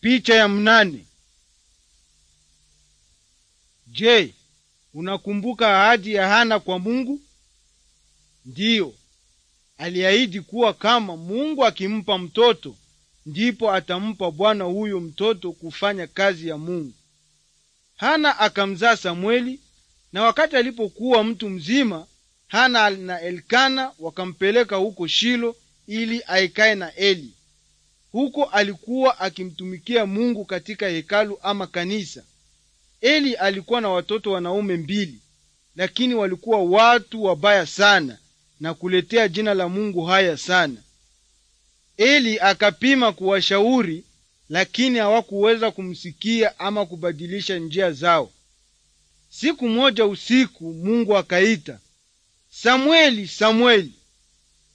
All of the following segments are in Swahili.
Picha ya mnane. Je, unakumbuka ahadi ya Hana kwa Mungu? Ndiyo, aliahidi kuwa kama Mungu akimpa mtoto, ndipo atampa Bwana huyo mtoto kufanya kazi ya Mungu. Hana akamzaa Samweli, na wakati alipokuwa mtu mzima, Hana na Elkana wakampeleka huko Shilo ili aikae na Eli. Huko alikuwa akimtumikia Mungu katika hekalu ama kanisa. Eli alikuwa na watoto wanaume mbili, lakini walikuwa watu wabaya sana na kuletea jina la Mungu haya sana. Eli akapima kuwashauri, lakini hawakuweza kumsikia ama kubadilisha njia zao. Siku moja usiku, Mungu akaita samweli samweli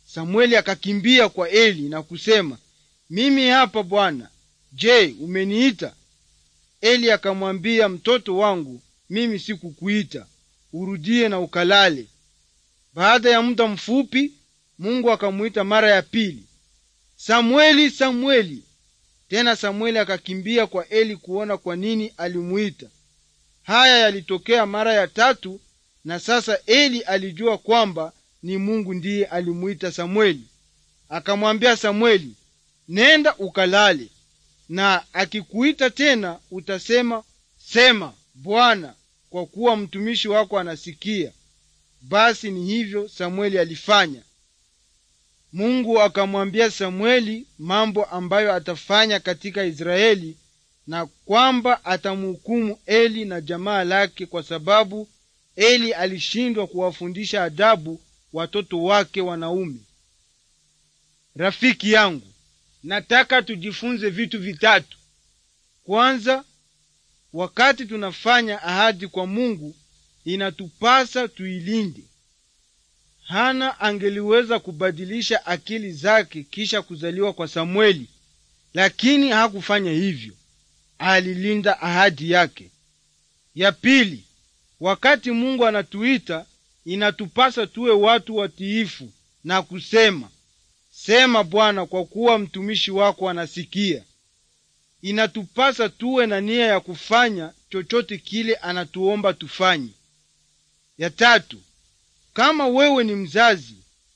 samweli akakimbia kwa Eli na kusema, mimi hapa Bwana, je, umeniita? Eli akamwambia, mtoto wangu, mimi sikukuita, urudie na ukalale. Baada ya muda mfupi, Mungu akamwita mara ya pili, Samueli, Samueli. Tena Samueli akakimbia kwa Eli kuona kwa nini alimuita. Haya yalitokea mara ya tatu, na sasa Eli alijua kwamba ni Mungu ndiye alimuita Samueli. Akamwambia Samueli, nenda ukalale, na akikuita tena utasema, sema Bwana, kwa kuwa mtumishi wako anasikia. Basi ni hivyo Samueli alifanya. Mungu akamwambia Samueli mambo ambayo atafanya katika Israeli na kwamba atamhukumu Eli na jamaa lake kwa sababu Eli alishindwa kuwafundisha adabu watoto wake wanaume. Rafiki yangu, nataka tujifunze vitu vitatu. Kwanza, wakati tunafanya ahadi kwa Mungu inatupasa tuilinde. Hana angeliweza kubadilisha akili zake kisha kuzaliwa kwa samweli lakini hakufanya hivyo. Alilinda ahadi yake. Ya pili, wakati Mungu anatuita inatupasa tuwe watu watiifu na kusema Sema Bwana, kwa kuwa mtumishi wako anasikia. Inatupasa tuwe na nia ya kufanya chochote kile anatuomba tufanye. Ya tatu, kama wewe ni mzazi,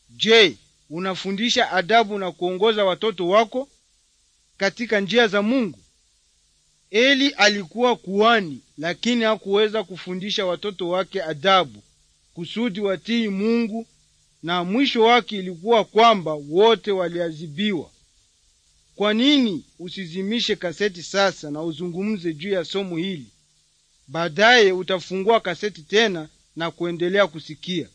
je, unafundisha adabu na kuongoza watoto wako katika njia za Mungu? Eli alikuwa kuhani, lakini hakuweza kufundisha watoto wake adabu kusudi watii Mungu na mwisho wake ilikuwa kwamba wote waliadhibiwa. Kwa nini usizimishe kaseti sasa na uzungumze juu ya somo hili? Baadaye utafungua kaseti tena na kuendelea kusikia.